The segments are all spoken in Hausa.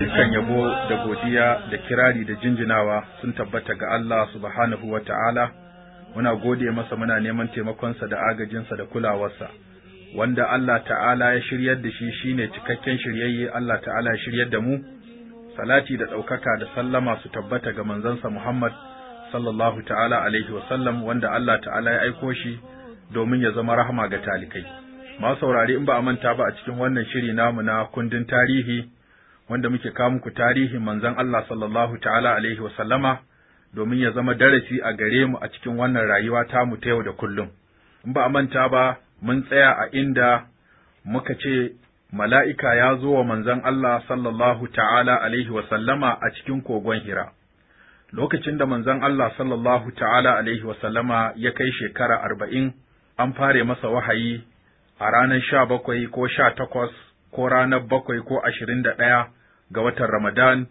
Dukkan yabo da godiya da kirari da jinjinawa sun tabbata ga Allah subhanahu wa ta'ala, muna gode masa muna neman taimakonsa da agajinsa da kulawarsa, wanda Allah ta'ala ya shiryar da shi shi ne cikakken shiryayye Allah ta'ala ya shiryar da mu, salati da ɗaukaka da sallama su tabbata ga manzansa Muhammad sallallahu ta'ala alaihi wasallam wanda Allah ta'ala ya aiko shi domin ya zama rahama ga talikai. Ma saurari in ba a manta ba a cikin wannan shiri namu na kundin tarihi. wanda muke kawo muku tarihin manzon Allah sallallahu ta'ala alaihi wa sallama domin ya zama darasi a gare mu a cikin wannan rayuwa tamu ta yau da kullum. In ba a manta ba mun tsaya a inda muka ce mala'ika ya zo wa manzon Allah sallallahu ta'ala alaihi wa sallama a cikin kogon Hira. Lokacin da manzon Allah sallallahu ta'ala alaihi wa sallama ya kai shekara arba'in, an fare masa wahayi a ranar sha bakwai ko sha takwas ko ranar bakwai ko ashirin da ɗaya ga watan Ramadan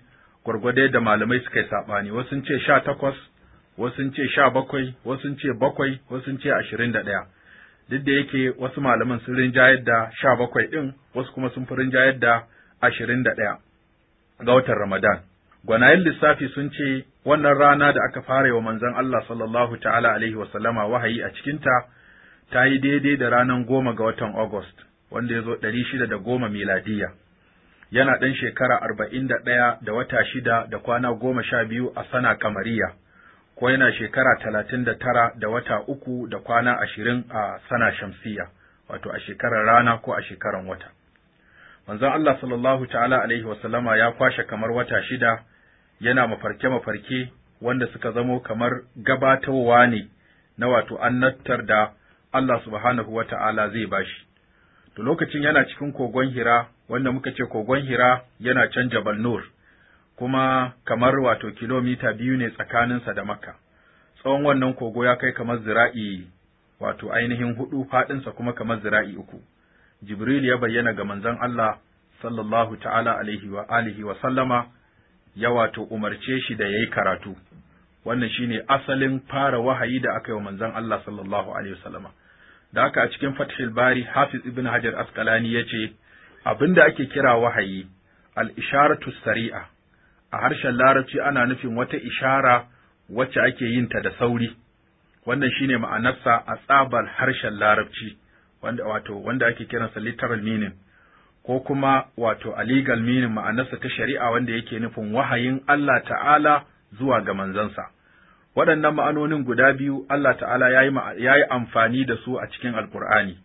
gwargwade da malamai suka yi saɓani, wasu ce sha takwas, wasu ce sha bakwai, wasu ce bakwai, wasu ce ashirin da ɗaya. Duk da yake wasu malaman sun rinjayar da sha bakwai ɗin, wasu kuma sun fi rinjayar da ashirin da ɗaya ga watan Ramadan. Gwanayen lissafi sun ce wannan rana da aka fara wa manzon Allah sallallahu ta'ala alaihi sallama wahayi a cikinta ta yi daidai da ranar goma ga watan Agusta. wanda ya zo ɗari shida da goma miladiya. Yana ɗan shekara arba'in da ɗaya da wata shida da kwana goma sha biyu a sana kamariya, ko yana shekara talatin da tara da wata uku da kwana ashirin a sana shamsiya, wato a shekarar rana ko a shekarar wata. Manzon Allah sallallahu ta'ala alaihi wasallama ya kwashe kamar wata shida yana mafarke-mafarke wanda suka zamo kamar gabatowa ne na wato annattar da Allah subhanahu wa ta'ala zai bashi. to lokacin yana cikin kogon hira wanda muka ce kogon hira yana can jabal nur kuma kamar wato kilomita biyu ne tsakaninsa da maka. tsawon wannan kogo ya kai kamar zira'i wato ainihin hudu faɗinsa kuma kamar zira'i uku jibril ya bayyana ga manzon allah sallallahu ta'ala alaihi wa alihi wa sallama ya wato umarce shi da yayi karatu wannan shine asalin fara wahayi da aka yi wa manzon allah sallallahu alaihi wa sallama da haka a cikin fathul bari hafiz ibn hajar asqalani ya ce abinda ake kira wahayi al-isharatu sari'a a harshen larabci ana nufin wata ishara wacce ake yin ta da sauri wannan shine ma'anarsa a tsabar harshen larabci wanda wato wanda ake kiransa literal meaning ko kuma wato a legal meaning ma'anarsa ta shari'a wanda yake nufin wahayin Allah ta'ala zuwa ga manzansa waɗannan ma'anonin guda biyu Allah ta'ala ya yi amfani da su a cikin alkur'ani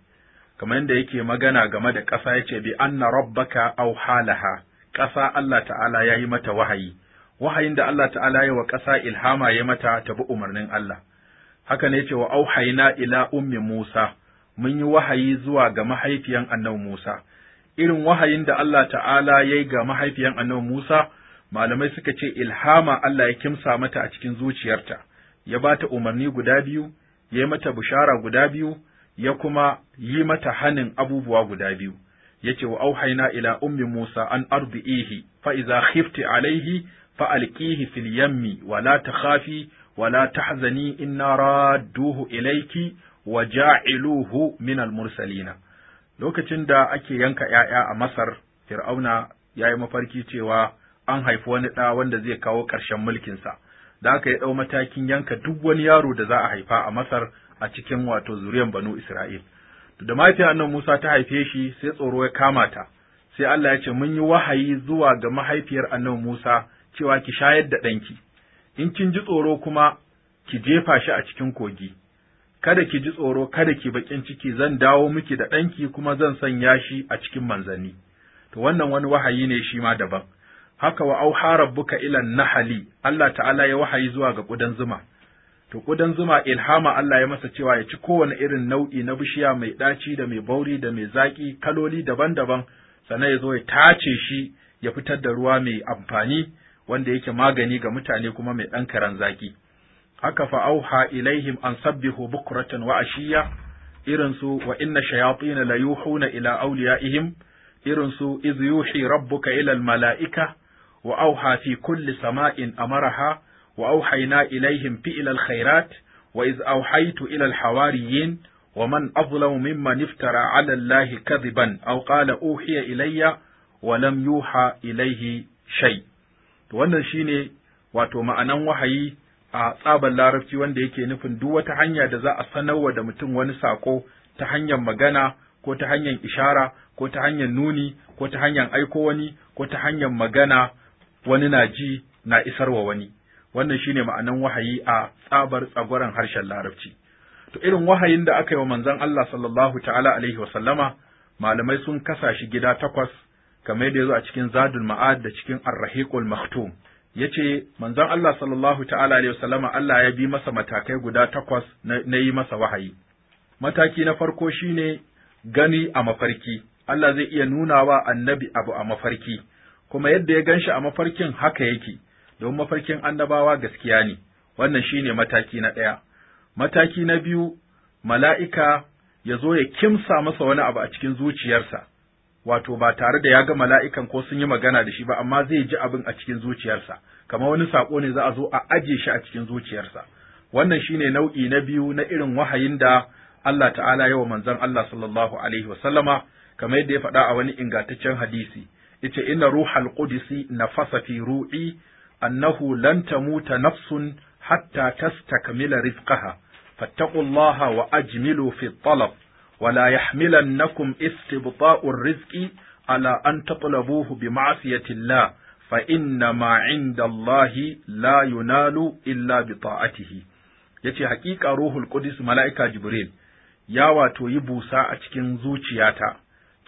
kamar yadda yake magana game da ƙasa ya ce bi anna rabbaka au halaha ƙasa Allah ta'ala ya yi mata wahayi wahayin da Allah ta'ala ya wa ƙasa ilhama ya mata ta bi umarnin Allah haka ne ce wa auhaina ila ummi Musa mun yi wahayi zuwa ga mahaifiyan annabi Musa irin wahayin da Allah ta'ala ya yi ga mahaifiyan annabi Musa malamai suka ce ilhama Allah ya kimsa mata a cikin zuciyarta ya ba ta umarni guda biyu ya yi mata bushara guda biyu ya kuma yi mata hanin abubuwa guda biyu yace wa auhaina ila ummi Musa an arbi'ihi fa idza khifti alayhi fa alqihi fil yammi wa la takhafi wa la tahzani inna radduhu ilayki wa ja'iluhu min al mursalina lokacin da ake yanka ‘ya'ya a Masar, Fir'auna ya yi mafarki cewa an haifi wani ɗa wanda zai kawo ƙarshen mulkinsa, da aka yi ɗau matakin yanka duk wani yaro da za a haifa a Masar a cikin wato zuriyan Banu Isra'il. Da mahaifiyar nan Musa ta haife shi sai tsoro ya kama ta, sai Allah ya ce mun yi wahayi zuwa ga mahaifiyar annan Musa cewa ki shayar da ɗanki, in kin ji tsoro kuma ki jefa shi a cikin kogi. Kada ki ji tsoro, kada ki baƙin ciki, zan dawo miki da ɗanki kuma zan sanya shi a cikin manzanni. To wannan wani wahayi ne shi ma daban. haka wa auha rabbuka ila nahali Allah ta'ala ya wahayi zuwa ga ƙudan zuma to ƙudan zuma ilhama Allah ya masa cewa ya ci kowane irin nau'i na bishiya mai ɗaci da mai bauri da mai zaƙi kaloli daban-daban sannan ya zo ya tace shi ya fitar da ruwa mai amfani wanda yake magani ga mutane kuma mai ɗan karan zaƙi haka fa auha ilaihim an sabbihu bukratan wa ashiya irin su wa inna shayatin la yuhuna ila awliyaihim irin su iz yuhi rabbuka ila al mala'ika wa auha kulli sama'in amaraha wa auhayna ilaihin fi'l alkhairat wa iz auhaytu ila alhawariyin wa man azlamu mimman iftara 'ala allahi kadhiban aw qala uhiya ilayya wa lam yuha ilaihi shai. to wannan shine wato ma'anan wahayi a tsaban larabci wanda yake nufin duk wata hanya da za a sanarwa da mutum wani saƙo ta hanyar magana ko ta hanyar ishara ko ta hanyar nuni ko ta hanyar aiko wani ko ta hanyar magana wani na ji na isarwa wani wannan shine ma'anan wahayi a tsabar tsagwaron harshen larabci to irin wahayin da aka yi wa manzon Allah sallallahu ta'ala alaihi wasallama malamai sun kasa shi gida takwas game yadda yazo a cikin Zadul Ma'ad da cikin Ar-Rahiqul Maktum yace manzon Allah sallallahu ta'ala alaihi wasallama Allah ya bi masa matakai guda takwas na yi masa wahayi mataki na farko shine gani a mafarki Allah zai iya nuna wa annabi abu a mafarki kuma yadda ya ganshi a mafarkin haka yake don mafarkin annabawa gaskiya ne wannan shine mataki na ɗaya mataki na biyu mala'ika ya zo ya kimsa masa wani abu a cikin zuciyarsa wato ba tare da ya ga mala'ikan ko sun yi magana da shi ba amma zai ji abin a cikin zuciyarsa kamar wani saƙo ne za a zo a aje shi a cikin zuciyarsa wannan shine nau'i na biyu na irin wahayin da Allah ta'ala yawa manzon Allah sallallahu alaihi wasallama kamar yadda ya faɗa a wani ingantaccen hadisi yace inna ruhal qudsi nafasa fi ru'i annahu lan tamuta nafsun hatta tastakmila rizqaha fattaqullaha wa ajmilu fi talab wa la yahmilannakum istibta'u rizqi ala an tatlabuhu bi ma'siyati Allah fa inna ma 'inda Allah la yunalu illa bi ta'atihi yace haƙiƙa ruhul qudus mala'ika jibril ya wato yi busa a cikin zuciyata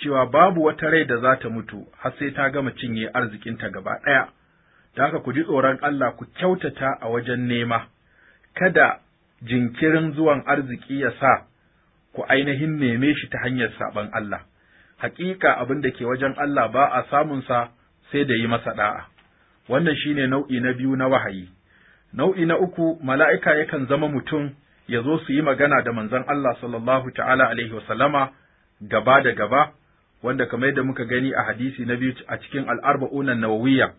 cewa babu wata rai da za ta mutu har sai ta gama cinye arzikinta gaba ɗaya, ta haka ku ji tsoron Allah ku kyautata a wajen nema, kada jinkirin zuwan arziki ya sa ku ainihin neme shi ta hanyar saɓon Allah. Hakika abin da ke wajen Allah ba a samunsa sai da yi masa ɗa'a. Wannan shi ne nau'i na biyu na wahayi. Nau'i na uku, mala'ika yakan zama mutum ya zo su yi magana da manzon Allah sallallahu ta'ala alaihi wasallama gaba da gaba, wanda kamar yadda muka gani a hadisi na biyu a cikin al'arba'unan nawawiyya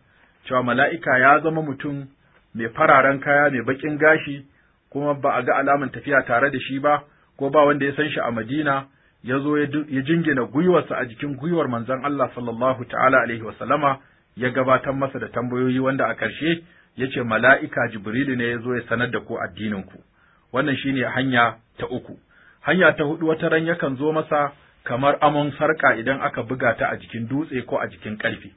cewa mala'ika ya zama mutum mai fararen kaya mai baƙin gashi kuma ba a ga alamun tafiya tare da shi ba ko ba wanda ya san shi a Madina ya zo ya jingina gwiwarsa a jikin gwiwar manzon Allah sallallahu ta'ala alaihi wa ya gabatar masa da tambayoyi wanda a ƙarshe ya ce mala'ika Jibrilu ne ya zo ya sanar da ku addininku. Wannan shine hanya ta uku. Hanya ta hudu wata ran yakan zo masa kamar amon sarƙa idan aka buga ta a jikin dutse ko a jikin ƙarfe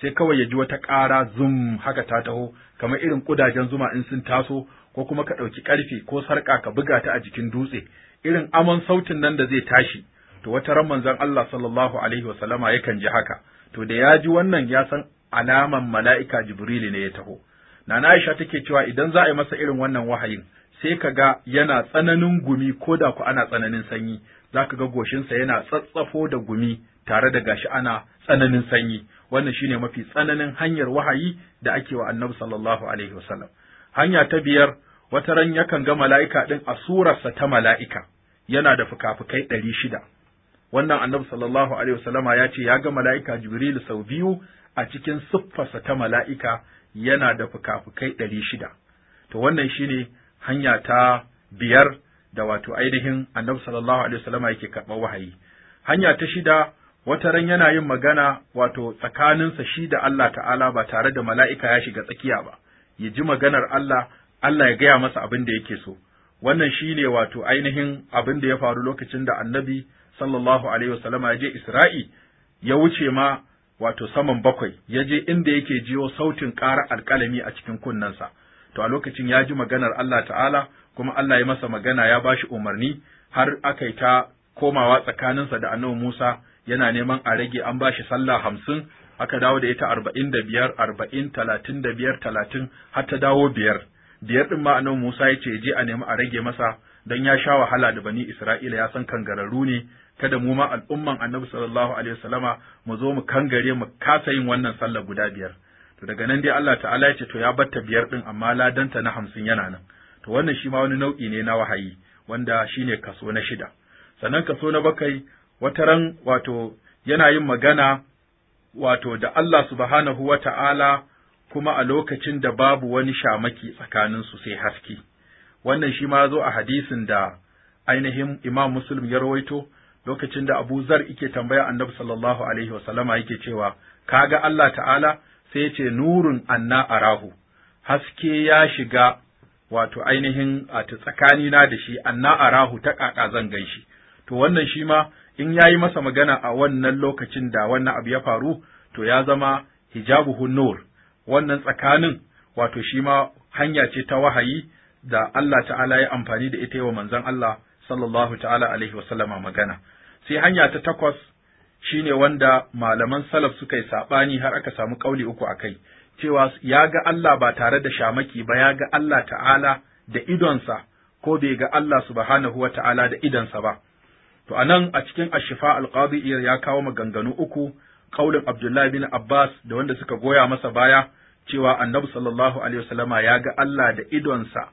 sai kawai ya ji wata ƙara zum haka ta taho kamar irin ƙudajen zuma in sun taso ko kuma ka ɗauki ƙarfe ko sarƙa ka buga ta a jikin dutse irin amon sautin nan da zai tashi to wata ran manzon Allah sallallahu alaihi wa sallama yakan ji haka to da ya ji wannan ya san alaman mala'ika jibrilu ne ya taho Nana Aisha take cewa idan za a yi masa irin wannan wahayin sai ka ga yana tsananin gumi ko da ku ana tsananin sanyi za ka ga goshinsa yana tsatsafo da gumi tare da gashi ana tsananin sanyi wannan shine mafi tsananin hanyar wahayi da ake wa annabi sallallahu alaihi wasallam hanya ta biyar wata ran yakan ga mala'ika din a surarsa ta mala'ika yana da fukafukai ɗari shida wannan annabi sallallahu alaihi wasallama ya ce ya ga mala'ika jibril sau biyu a cikin siffarsa ta mala'ika yana da fukafukai ɗari shida to wannan shine hanya ta biyar da wato ainihin annabi sallallahu alaihi wasallama yake karɓar wahayi hanya ta shida wata ran yana yin magana wato tsakaninsa shi da Allah ta'ala ba tare da mala'ika ya shiga tsakiya ba ya ji maganar Allah Allah ya gaya masa abin da yake so wannan shi ne wato ainihin abin da ya faru lokacin da annabi sallallahu alaihi wasallama ya je Isra'i ya wuce ma wato saman bakwai ya je inda yake jiyo sautin ƙara alƙalami a cikin kunnensa to a lokacin ya ji maganar Allah ta'ala kuma Allah ya masa magana ya ba shi umarni har aka ta komawa tsakaninsa da annabi Musa yana neman a rage an shi sallah hamsin aka dawo da ita arba'in da biyar arba'in talatin da biyar talatin har ta dawo biyar biyar ɗin ma annabi Musa ya ce je a nemi a rage masa don ya sha wahala da bani Isra'ila ya san kangararru ne kada mu ma al'umman annabi sallallahu alaihi wasallama mu zo mu kangare mu kasa yin wannan sallah guda biyar to daga nan dai Allah ta'ala ya ce to ya batta biyar din amma ladanta na hamsin yana nan to wannan shi ma wani nau'i ne na wahayi wanda shine kaso na shida sannan kaso na bakwai wata ran wato yana yin magana wato da Allah subhanahu wa ta'ala kuma a lokacin da babu wani shamaki su sai haske wannan shi ma zo a hadisin da ainihin imam muslim ya rawaito lokacin da abu zar yake tambaya annabi sallallahu alaihi wasallama yake cewa kaga Allah ta'ala sai ce nurun anna arahu haske ya shiga wato ainihin a tsakanina da shi anna arahu ta ƙaƙa zan gan shi to wannan shi ma in ya yi masa magana a wannan lokacin da wannan abu ya faru to ya zama hijabuhu nur wannan tsakanin wato shi ma hanya ce ta wahayi da Allah ta'ala ya amfani da ita yi wa manzon Allah sallallahu ta'ala alaihi wasallama magana sai hanya ta takwas shine wanda malaman salaf suka yi saɓani har aka samu ƙauli uku a kai, cewa ya ga Allah ba tare da shamaki ba ya ga Allah ta'ala da idonsa ko bai ga Allah subhanahu wa ta'ala da idonsa ba. To a nan a cikin ashifa alƙadi ya kawo maganganu uku, ƙaulin Abdullahi bin Abbas da wanda suka goya masa baya cewa annabi sallallahu alaihi wasallama ya ga Allah da idonsa.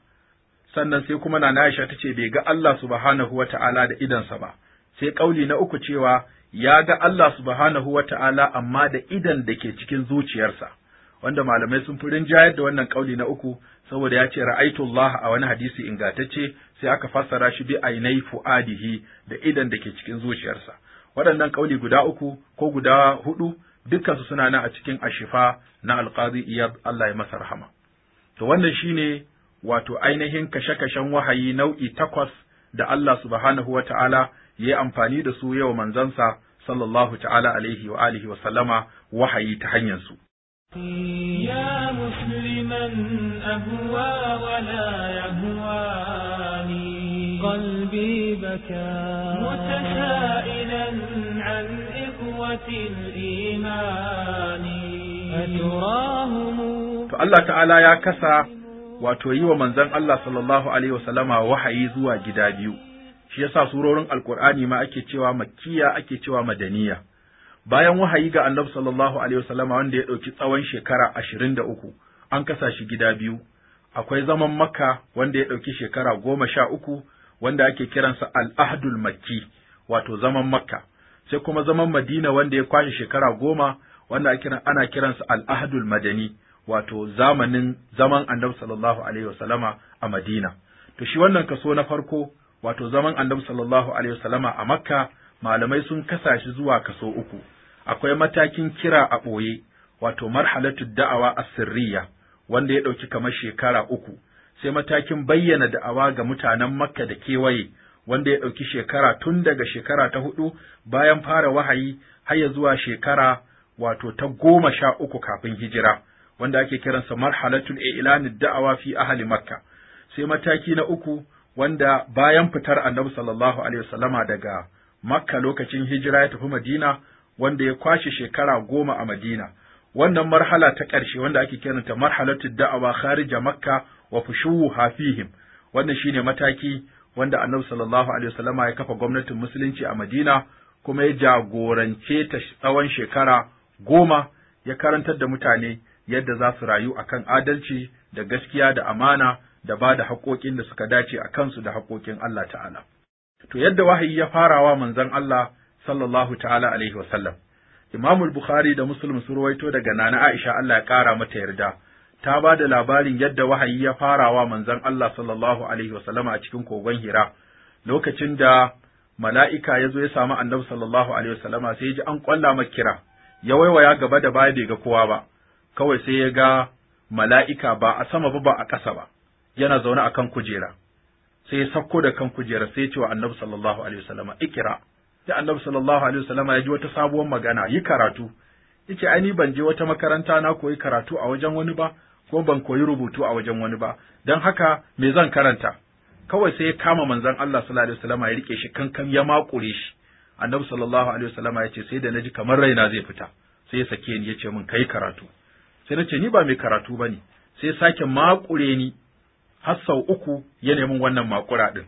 sannan sai kuma na Aisha ta ce bai ga Allah subhanahu wa ta'ala da idonsa ba, sai ƙauli na uku cewa ya ga Allah subhanahu wa ta'ala amma da idan da ke cikin zuciyarsa, wanda malamai sun fi rinjayar da wannan kauli na uku, saboda ya ce ra'aitullah a wani hadisi ingatacce sai aka fassara shi bi ainai fu'adihi da idan da ke cikin zuciyarsa. Waɗannan kauli guda uku ko guda hudu dukkansu suna nan a cikin ashifa na alqazi iyad Allah ya masa rahama. To wannan shine wato ainihin kashe-kashen wahayi nau'i takwas da Allah subhanahu wa ta'ala ya yi amfani da su yau manzansa sallallahu ta'ala alaihi wa alihi wa sallama wahayi ta hanyar su. يا مسلما أهوى ولا يهواني قلبي بكى متسائلا عن إخوة الإيمان أتراهم فالله تعالى يا كسى wato yi wa manzon Allah sallallahu alaihi wasallama wahayi zuwa gida biyu shi yasa surorin alqur'ani ma ake cewa makkiya ake cewa madaniya bayan wahayi ga annabi sallallahu alaihi wasallama wanda ya ɗauki tsawon shekara ashirin da uku an kasa shi gida biyu akwai zaman makka wanda ya ɗauki shekara goma sha uku wanda ake kiransa al'ahdul makki wato zaman makka sai kuma zaman madina wanda ya kwashe shekara goma wanda ana kiransa al'ahdul madani wato zamanin zaman annabi sallallahu alaihi wasallama a Madina. To shi wannan kaso na farko wato zaman annabi sallallahu alaihi wasallama a Makka malamai sun kasa shi zuwa kaso uku. Akwai matakin kira a ɓoye wato marhalatu da'awa sirriya wanda ya ɗauki kamar shekara uku. Sai matakin bayyana da'awa ga mutanen Makka da kewaye wanda ya ɗauki shekara tun daga shekara ta hudu bayan fara wahayi har zuwa shekara wato ta goma sha uku kafin hijira. wanda ake kiransa marhalatul i'lanid da'awa fi ahli makka sai mataki na uku wanda bayan fitar annabi sallallahu alaihi wasallama daga makka lokacin hijira ya tafi madina wanda ya kwashe shekara goma a madina wannan marhala ta ƙarshe wanda ake kiranta marhalatul da'awa kharija makka wa fushuhu hafihim. wannan shine mataki wanda annabi sallallahu alaihi wasallama ya kafa gwamnatin musulunci a madina kuma ya jagorance ta tsawon shekara goma ya karantar da mutane yadda za su rayu a kan adalci da gaskiya da amana da ba da haƙoƙin da suka dace a kansu da haƙoƙin Allah ta'ala. To yadda wahayi ya fara wa manzon Allah sallallahu ta'ala alaihi wasallam. Imam Bukhari da Muslim su ruwaito daga Nana Aisha Allah ya ƙara mata yarda. Ta ba da labarin yadda wahayi ya fara wa manzon Allah sallallahu alaihi wasallam a cikin kogon Hira lokacin da mala'ika ya zo ya samu annabi sallallahu alaihi wasallam sai ji an ƙwalla kira. ya waiwaya gaba da baya bai ga kowa ba. kawai sai ya ga mala'ika ba a sama ba ba a ƙasa ba yana zaune a kan kujera sai ya sauko da kan kujera sai ya ce wa annabi sallallahu alaihi wasallama ikira sai annabi sallallahu alaihi wasallama ya ji wata sabuwar magana yi karatu yace aini ban je wata makaranta na koyi karatu a wajen wani ba ko ban koyi rubutu a wajen wani ba don haka me zan karanta kawai sai ya kama manzon Allah sallallahu alaihi wasallama ya rike shi kankan ya makure shi annabi sallallahu alaihi wasallama ya ce sai da naji kamar raina zai fita sai ya sake ni ya ce min kai karatu sai na ce ni ba mai karatu ba ne sai sake makure ni har sau uku ya nemi wannan makura ɗin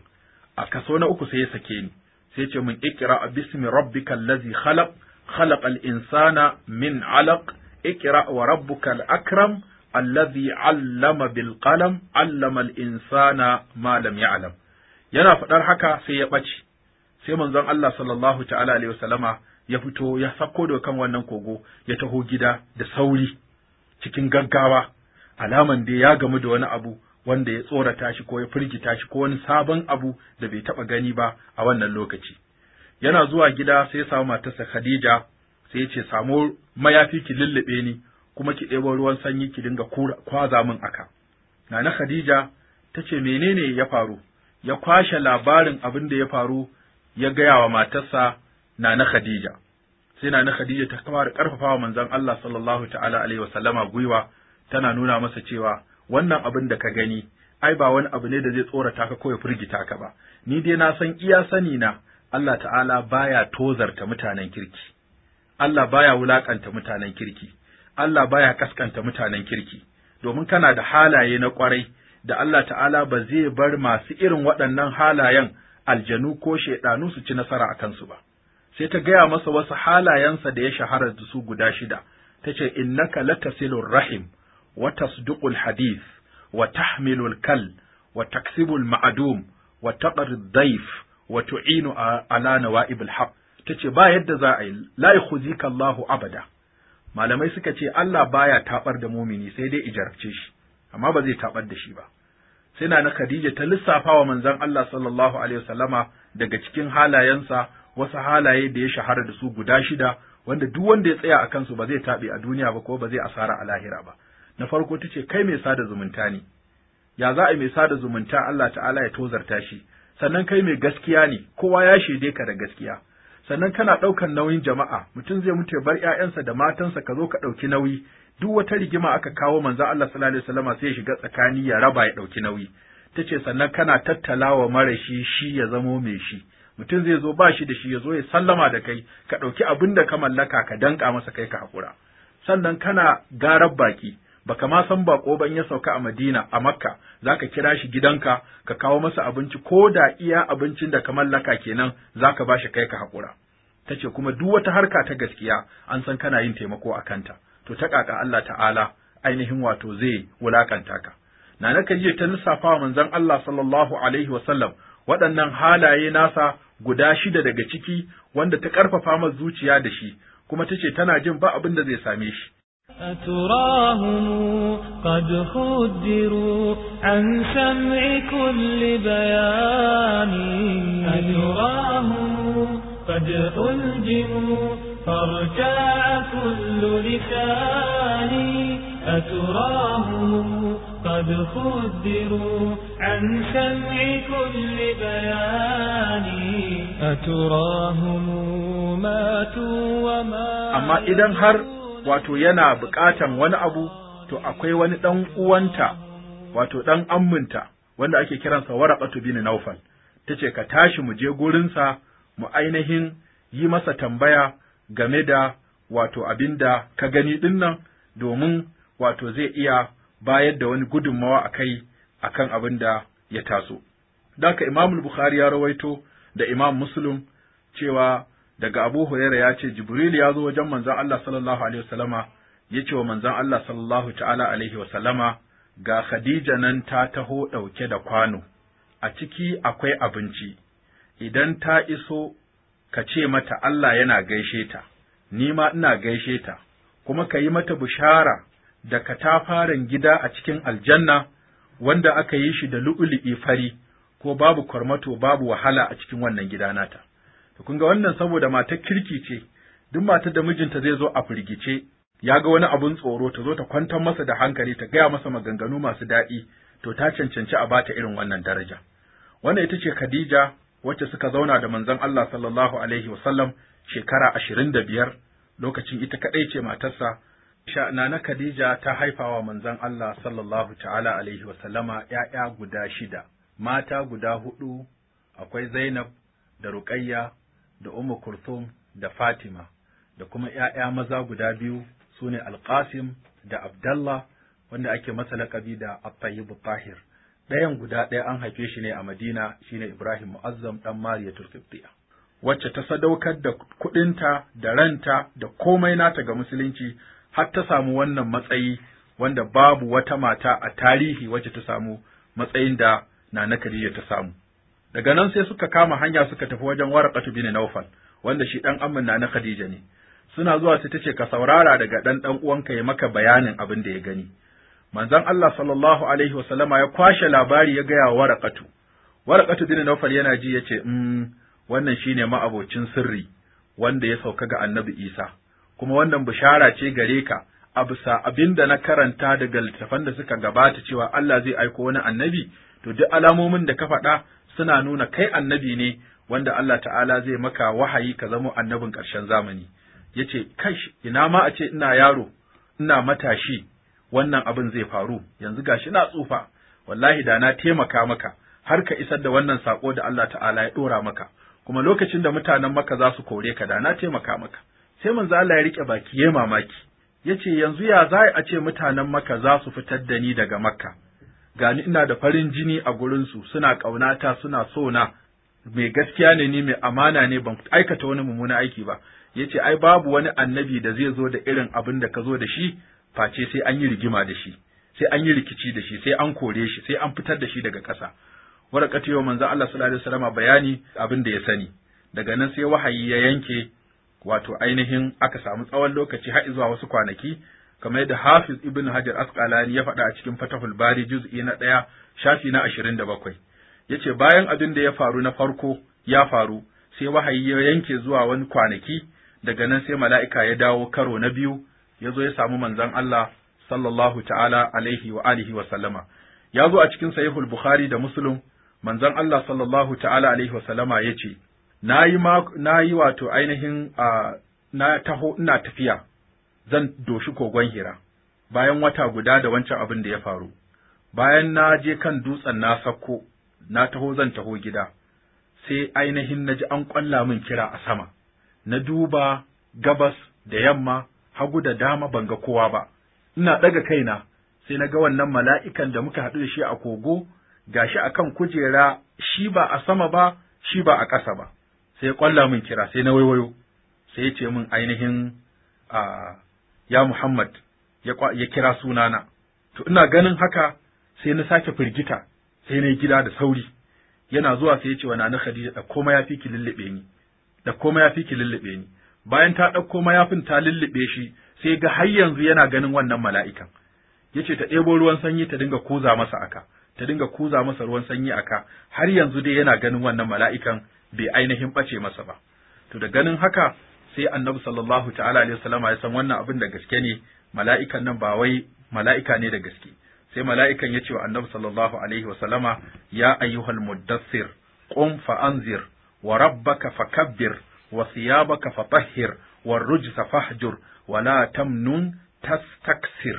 a kaso na uku sai ya sake ni sai ce min ikira bismi rabbikal ladzi khalaq khalaqal insana min alaq ikira wa rabbukal akram allazi allama bil qalam allama al insana ma lam ya'lam yana faɗar haka sai ya ɓace sai manzon Allah sallallahu ta'ala alaihi wasallama ya fito ya sako da kan wannan kogo ya taho gida da sauri cikin gaggawa alaman da ya gamu da wani abu wanda ya tsorata shi ko ya firgita shi ko wani sabon abu da bai taɓa gani ba a wannan lokaci yana zuwa gida sai ya samu matarsa Khadija sai ya ce samu mayafi ki lullube ni kuma ki ɗebo ruwan sanyi ki dinga kwaza min aka Nana Khadija ta ce menene ya faru ya kwashe labarin abin da ya faru ya gaya wa matarsa Nana Khadija sai na na Khadija ta kamar karfafawa wa manzon Allah sallallahu ta'ala alaihi wasallama gwiwa tana nuna masa cewa wannan abin da ka gani ai ba wani abu ne da zai tsorata ka ko ya firgita ka ba ni dai na san iya sani na Allah ta'ala baya tozarta mutanen kirki Allah baya wulakanta mutanen kirki Allah baya kaskanta mutanen kirki domin kana da halaye na kwarai da Allah ta'ala ba zai bar masu irin waɗannan halayen aljanu ko shaidanu su ci nasara a kansu ba sai ta gaya masa wasu halayensa da ya shahara da su guda shida ta ce innaka latasilur rahim wa tasduqul hadith wa tahmilul kal wa taksibul ma'adum wa taqrid daif wa tu'inu ala nawa'ibil haq tace ba yadda za a yi la yakhuzika Allahu abada malamai suka ce Allah baya tabar da mumini sai dai ijarce shi amma ba zai tabar da shi ba sai na Khadija ta lissafa wa manzon Allah sallallahu alaihi wasallama daga cikin halayensa wasu halaye da ya shahara da su guda shida wanda duk wanda ya tsaya a kansu ba zai taɓe a duniya ba ko ba zai asara a lahira ba na farko ta ce kai mai sada zumunta ne ya za a mai sada zumunta Allah ta'ala ya tozarta shi sannan kai mai gaskiya ne kowa ya shaide ka da gaskiya sannan kana ɗaukan nauyin jama'a mutum zai mutu ya bar 'ya'yansa da matansa ka zo ka ɗauki nauyi duk wata rigima aka kawo manzo Allah sallallahu alaihi wasallama sai ya shiga tsakani ya raba ya ɗauki nauyi tace sannan kana tattalawa marashi shi ya zamo mai shi mutum zai zo ba shi da shi ya zo ya sallama da kai ka ɗauki abin da ka mallaka ka danka masa kai ka haƙura sannan kana garar baki baka ma san bako ban ya sauka a Madina a Makka za ka kira shi gidanka ka kawo masa abinci ko da iya abincin da ka mallaka kenan ba shi kai ka haƙura Ta ce kuma duk wata harka ta gaskiya an san kana yin taimako a kanta to ta ƙaƙa Allah ta'ala ainihin wato zai wulakanta ka Nana Khadija ta lissafa wa manzon Allah sallallahu alaihi wasallam waɗannan halaye nasa guda shida daga ciki wanda ta ƙarfafa masa zuciya da shi kuma ta ce tana jin ba abin da zai same shi أتراهم قد خدروا عن سمع كل بيان أتراهم قد ألجموا فارجع كل لسان أتراهم قد خدروا عن سمع كل بيان أتراهم ماتوا وما أما إذا هر wato yana buƙatan wani abu to akwai wani ɗan uwanta wato ɗan amminta wanda ake kiransa waraqatu bin naufal tace ka tashi mu je gurinsa mu ainihin yi masa tambaya game da wato abinda ka gani dinnan domin wato zai iya bayar da wani gudunmawa a kai a kan abin da ya taso. Daka Imam Bukhari ya rawaito da Imam Muslim cewa daga Abu Huraira ya ce Jibril ya zo wajen manzon Allah sallallahu alaihi wasallama ya ce wa manzon Allah sallallahu ta'ala alaihi wasallama ga Khadija nan ta taho ɗauke da kwano a ciki akwai abinci idan ta iso ka ce mata Allah yana gaishe ta ni ma ina gaishe ta kuma ka yi mata bushara. da katafaren gida a cikin aljanna wanda aka yi shi da lu'ulu'i fari ko babu kwarmato babu wahala a cikin wannan gida nata to kun ga wannan saboda matar kirki ce duk matar da mijinta zai zo a firgice ya ga wani abun tsoro ta zo ta kwantar masa da hankali ta gaya masa maganganu masu daɗi to ta cancanci a bata irin wannan daraja wannan ita ce Khadija wacce suka zauna da manzon Allah sallallahu alaihi wasallam shekara ashirin da biyar lokacin ita kaɗai ce matarsa Nana Khadija ta haifawa wa manzon Allah sallallahu ta'ala alaihi wa sallama ‘ya'ya guda shida, mata guda huɗu, akwai Zainab da Ruqayya da Ummu Kulthum da Fatima, da kuma ‘ya'ya maza guda biyu su ne Alƙasim da Abdallah wanda ake masa laƙabi da Attayyib Tahir. Ɗayan guda ɗaya an haife shi ne a Madina shine Ibrahim Mu'azzam ɗan Mariya Qibtiyya. Wacce ta sadaukar da kuɗinta da ranta da komai nata ga musulunci har ta samu wannan matsayi wanda babu wata mata a tarihi wacce ta samu matsayin da Nana Khadija ta samu. Daga nan sai suka kama hanya suka tafi wajen Warqatu bin Nawfal wanda shi dan amman Nana Khadija ne. Suna zuwa sai tace ka saurara daga dan dan uwanka ya maka bayanin abin da ya gani. Manzon Allah sallallahu alaihi wasallama ya kwashe labari ya gaya wa Warqatu. Warqatu bin Nawfal yana ji yace mm wannan shine ma'abocin sirri wanda ya sauka ga Annabi Isa. kuma wannan bishara ce gare ka a bisa abin da na karanta daga littattafan da suka gabata cewa Allah zai aiko wani annabi to duk alamomin da ka faɗa suna nuna kai annabi ne wanda Allah ta'ala zai maka wahayi ka zama annabin ƙarshen zamani yace kash ina ma a ce ina yaro ina matashi wannan abin zai faru yanzu gashi na tsufa wallahi da na taimaka maka har ka isar da wannan sako da Allah ta'ala ya ɗora maka kuma lokacin da mutanen maka za su kore ka da na taimaka maka sai manzo Allah ya rike baki ya mamaki yace yanzu ya za a ce mutanen Makka za su fitar da ni daga Makka gani ina da farin jini a gurin su suna ƙaunata suna sona mai gaskiya ne ni mai amana ne ban aikata wani mummuna aiki ba yace ai babu wani annabi da zai zo da irin abin da ka zo da shi face sai an yi rigima da shi sai an yi rikici da shi sai an kore shi sai an fitar da shi daga ƙasa warakatu yau manzo Allah sallallahu alaihi wasallam bayani abin da ya sani daga nan sai wahayi ya yanke wato ainihin aka samu tsawon lokaci har zuwa wasu kwanaki kamar yadda Hafiz Ibn Hajar Asqalani ya faɗa a cikin Fatahul Bari juz'i na ɗaya shafi na ashirin da bakwai. Ya ce bayan abin da ya faru na farko ya faru sai wahayi ya yanke zuwa wani kwanaki daga nan sai mala'ika ya dawo karo na biyu ya zo ya samu manzon Allah sallallahu ta'ala alaihi wa alihi wa sallama. Ya zo a cikin Sahihul Bukhari da Muslim manzon Allah sallallahu ta'ala alaihi wa sallama ya na yi na yi wato ainihin na taho ina tafiya zan doshi kogon hira bayan wata guda da wancan abin da ya faru bayan na je kan dutsen na sakko na taho zan taho gida sai ainihin na ji an ƙwalla min kira a sama na duba gabas da yamma hagu da dama ban ga kowa ba ina ɗaga kaina sai na ga wannan mala'ikan da muka haɗu da shi a kogo gashi akan kujera shi ba a sama ba shi ba a ƙasa ba sai ya kwalla min kira sai na waiwayo sai ya ce min ainihin ah, ya Muhammad ya kira sunana to ina ganin haka sai na sake firgita sai na yi gida da sauri yana zuwa sai ya ce wa na Khadija da koma fi ki lullube ni da koma fi ki lullube ni bayan ta ɗauko mayafin ta lullube shi sai ga har yanzu yana ganin wannan mala'ikan Yace ta ɗebo ruwan sanyi ta dinga kuza masa aka ta dinga kuza masa ruwan sanyi aka har yanzu dai yana ganin wannan mala'ikan bai ainihin ɓace masa ba to da ganin haka sai annabi sallallahu ta'ala alaihi wasallama ya san wannan abin da gaske ne mala'ikan nan ba wai mala'ika ne da gaske sai mala'ikan ya ce wa annabi sallallahu alaihi wasallama ya ayyuhal muddassir qum fa anzir wa rabbaka fakabbir wa thiyabaka fatahhir wa rujsa fahjur wa la tamnun tastaksir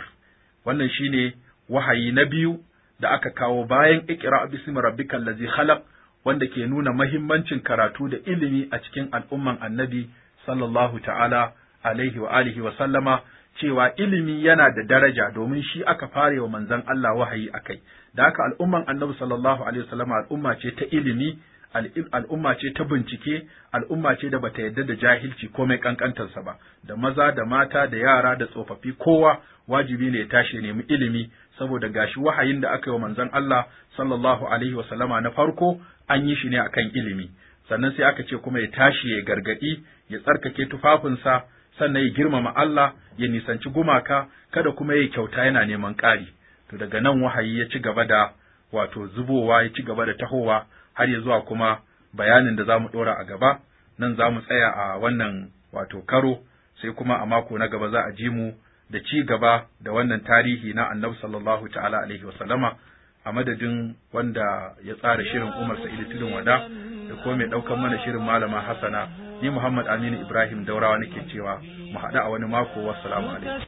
wannan shine wahayi na biyu da aka kawo bayan ikra bismi rabbikal ladzi khalaq wanda ke nuna mahimmancin karatu da ilimi a cikin al'umman annabi sallallahu ta'ala alaihi wa alihi wa sallama cewa ilimi yana da daraja domin shi aka fare wa manzon Allah wahayi akai da haka al'umman annabi sallallahu alaihi wa sallama al'umma ce ta ilimi al'umma ce ta bincike al'umma ce da bata yarda da jahilci komai kankantarsa ba da maza da mata da yara da tsofaffi kowa wajibi ne ya tashi nemi ilimi saboda gashi wahayin da aka yi wa manzon Allah sallallahu alaihi wa sallama na farko an yi shi ne akan ilimi sannan sai aka ce kuma ya tashi ya gargadi ya tsarkake tufafinsa sannan ya girmama Allah ya nisanci gumaka kada kuma ya kyauta yana neman ƙari to daga nan wahayi ya ci gaba da wato zubowa ya ci gaba da tahowa har ya zuwa kuma bayanin da za mu ɗora a gaba, nan za mu tsaya a wannan wato karo, sai kuma a mako na gaba za a ji mu da ci gaba da wannan tarihi na annabi sallallahu ta'ala alaihi sallama, a madadin wanda ya tsara shirin Umar Sa'idu Tudun Wada da kuma mai ɗaukar mana shirin Malama Hassana, ni Muhammad Aminu Ibrahim Daurawa nake cewa mu haɗu a wani mako wassalamu alaikum.